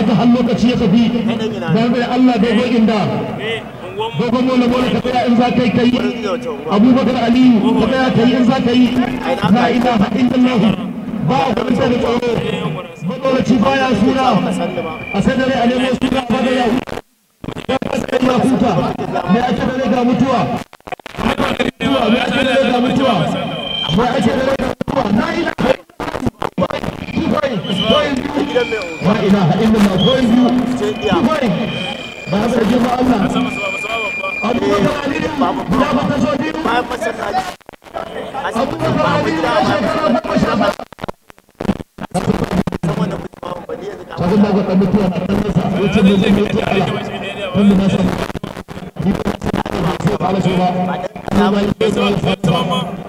haka har lokaci ya tafi don mai Allah dogon inda dogon mola mola ka tsaya in da tsoro matsalaci a sadare a nemo ya da la ilaha illallah koyi biyu koyi ba a sarki ba Allah abubakar aliyu ba abin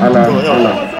好了好了。